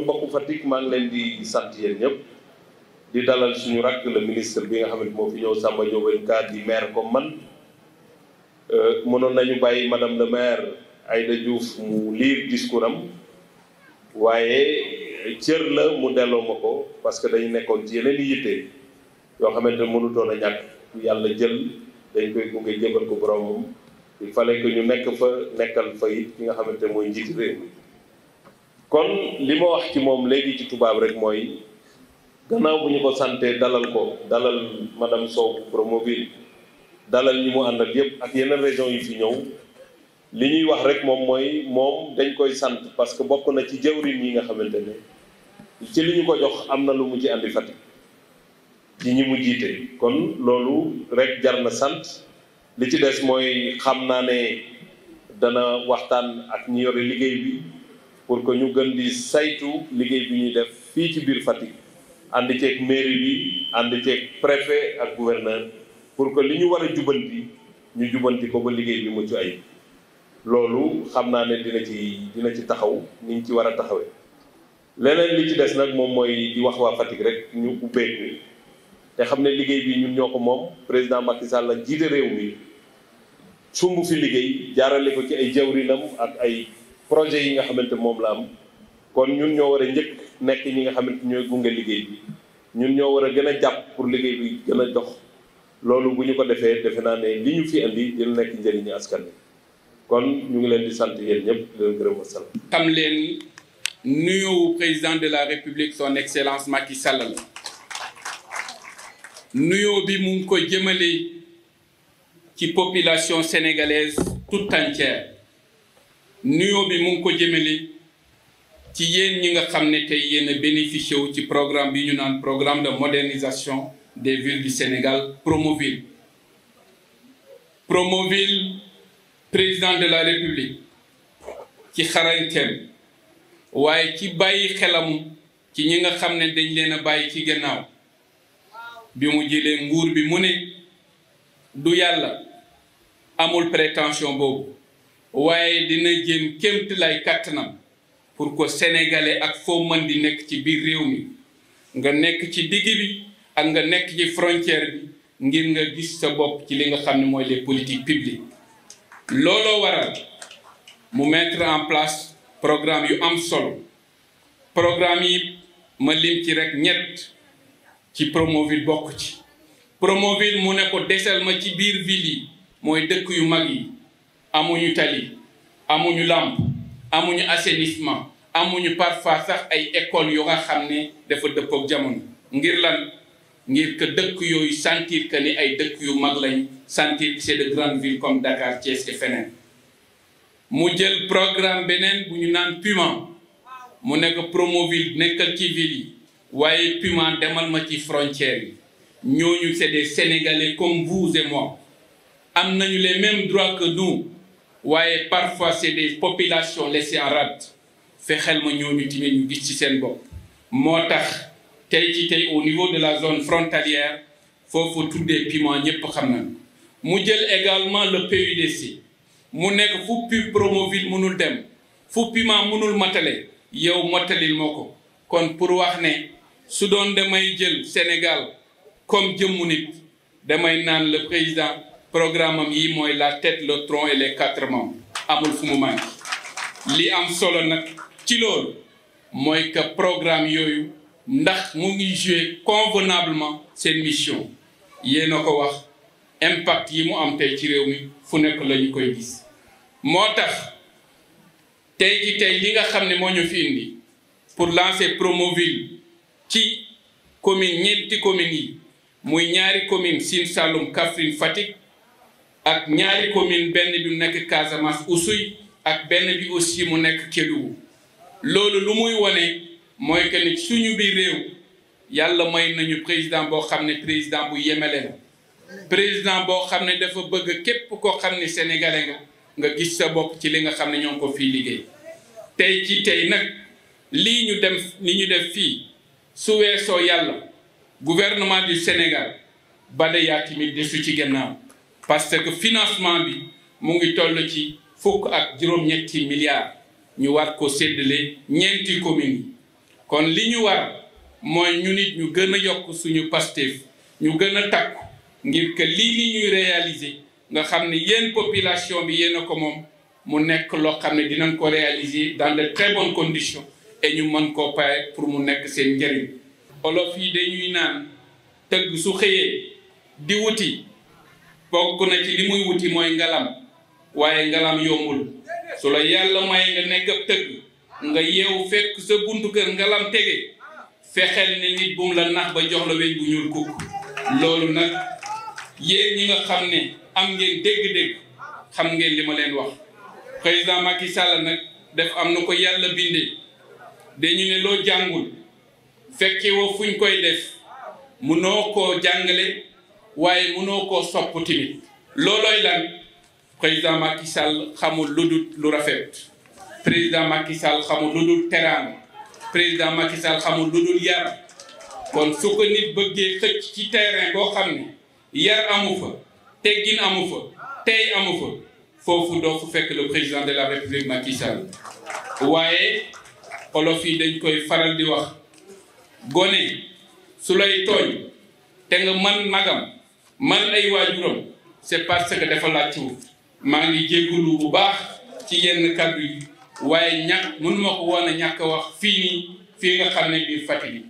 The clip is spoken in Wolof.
mbokku Fatick maa ngi leen di sant yéen ñëpp di dalal suñu rakk la ministre bi nga xam ne moo fi ñëw Samba Ndiobène Ka di maire comme man euh, mënoon nañu bàyyi madame le maire Aïda Diouf mu waaye cër la mu delloo ma ko parce que dañu nekkoon ci yeneen i yoo xamante ne mënutoon a ñàkk. yàlla jël dañ koy gunge jëbal ko boromam il fallait ñu nekk fa nekkal fa it ki nga xamante mooy njiit réew mi kon li ma wax ci moom léegi ci tubaab rek mooy gannaaw bu ñu ko santee dalal ko dalal madame Sow Promoville dalal ñi mu ànd ak yëpp ak yeneen région yi ci ñëw li ñuy wax rek moom mooy moom dañ koy sant parce que bokk na ci jawrin yi nga xamante ne ci li ñu ko jox am na lu mu ci indi Fatick ci ñi mu jiite kon loolu rek jar na sant li ci des mooy xam naa ne dana waxtaan ak ñi yore liggéey bi pour que ñu gën di saytu liggéey bi ñuy def fii ci biir Fatick ànd ceeg mairie bi ànd ceeg préfet ak gouverneur pour que li ñu war a jubanti ñu jubanti ko ba liggéey bi mucc ayib loolu xam naa ne dina ci dina ci taxaw niñ ci war a taxawee leneen li ci des nag moom mooy di wax waa Fatick rek ñu ubbeeku te xam ne liggéey bi ñun ñoo ko moom président Macky Sall la jiite réew mi sumb fi liggéey jaarale ko ci ay jawrinam ak ay projet yi nga xamante moom la am kon ñun ñoo war a njëkk nekk ñi nga xamante ñooy gunge liggéey bi ñun ñoo war a gën a jàpp pour liggéey bi gën a dox loolu bu ñu ko defee defe naa ne li ñu fi indi dina nekk njëriñu askan wi kon ñu ngi leen di sant yéen ñëpp di leen gërëm wasalaam. xam leen nuyoo président de la république son excellence Macky Sall la nuyoo bi mu ngi ko jëmale ci population sénégalaise tout entière nuyoo bi mu ngi ko jëmale ci yéen ñi nga xam ne tey yéen a bénéficié ci programme bi ñu naan programme de modernisation des ville du Sénégal Promoville Promoville président de la République ci xarañteem waaye ci bàyyi xelam ci ñi nga xam ne dañ leen a bàyyi ci gannaaw bi mu jëlee nguur bi mu ne du yàlla amul prétention boobu waaye dina jéem kémt lay kàttanam pour ko sénégalais ak foo mën di nekk ci biir réew mi nga nekk ci digg bi ak nga nekk ci frontière bi ngir nga gis sa bopp ci li nga xam ne mooy les politiques publiques looloo waral mu mettre en place programme yu am solo programme yi ma lim ci rek ñett ci Promoville bokk ci Promoville mu ne ko desal ma ci biir ville yi mooy dëkk yu mag yi amuñu tali amuñu làmp amuñu assainissement amuñu parfois sax ay école yu nga xam ne dafa dëppook jamono ngir lan ngir que dëkk yooyu sentir que ni ay dëkk yu mag lañ sentir que c'est de grandes villes comme Dakar Thiès et feneen mu jël programme beneen bu ñu naan Puma mu nekk Promoville nekkal ci ville yi waaye Puma demal ma ci frontière yi ñooñu c'est des Sénégalais comme vous et am nañu les même droits que nous waaye parfois c'est des populations laissées en rade fexeel ma ñooñu tamit ñu gis ci seen bopp moo tax tey ci tey au niveau de la zone frontalière foofu tuddee Puma ñépp xam nañu mu jël également le PUDC mu nekk fu pu mënul dem fu Puma mënul matale yow matalil moo ko kon pour wax ne su doon damay jël Sénégal comme jëmmu nit damay naan le président programme am yi mooy la tête le tronc les quatre membres amul fu mu manqué li am solo nag ci loolu mooy que programme yooyu ndax mu ngi jouer convenablement seen mission yéen a ko wax impact yi mu am tey ci réew mi fu nekk la ñu koy gis moo tax tey ji tey li nga xam ne moo ñu fi indi pour lancer Promoville ci commune ñeenti communes yi muy ñaari commune Sine Saloum Kaffrine Fatick ak ñaari commune benn bi mu nekk Casamance Oussouye ak benn bi aussi mu nekk Kédougou loolu lu muy wane mooy que ni suñu bi réew yàlla may nañu président boo xam ne président bu yemale la président boo xam ne dafa bëgg képp koo xam ne sénégalais nga gis sa bopp ci li nga xam ne ñoo ko fii liggéey tey ci tey nag ñu dem li ñu def fii su weesoo yàlla gouvernement du Sénégal baleyaa tamit desu ci gannaaw parce que financement bi mu ngi toll ci fukk ak juróom-ñetti milliards ñu war ko séddale ñeenti communes yi kon li ñu war mooy ñu nit ñu gën a yokk suñu Pastef ñu gën a takku ngir que lii ñuy réaliser nga xam ni yéen population bi yéen a ko moom mu nekk loo xam ne dinañ ko réaliser dans de très bonnes condition et ñu mën koo pay pour mu nekk seen njëriñ olof yi dañuy naan tëgg su xëyee di wuti bokk na ci li muy wuti mooy ngalam waaye ngalam yombul su yàlla may nga nekk ab tëgg nga yeewu fekk sa buntu kër ngalam tege fexeel ne nit bu la nax ba jox la weñ bu ñuul kukk loolu nag yéen ñi nga xam ne am ngeen dégg-dégg xam ngeen li ma leen wax président Macky Sall nag def am na ko yàlla bindee dañu ne loo jàngul fekke woo fuñ koy def munoo koo jàngale waaye munoo koo sopp tamit loolooy lan président Macky Sall xamul lu dul rafet président Macky Sall xamul lu dul teraanga président makisal Sall xamul lu dul yar kon su ko nit bëggee xëcc ci terrain koo xam ne yar amu fa teggin amu fa tey amu fa foofu doo fu fekk le président de la république Macky Sall waaye olof yi dañ koy faral di wax gone su lay tooñ te nga man magam man ay waajuram c'est parce que dafa laaj maa ngi jégalu bu baax ci yenn kàddu yi waaye ñàkk mënuma ko woon a ñàkk a wax fii nii fii nga xam ne biir Fatick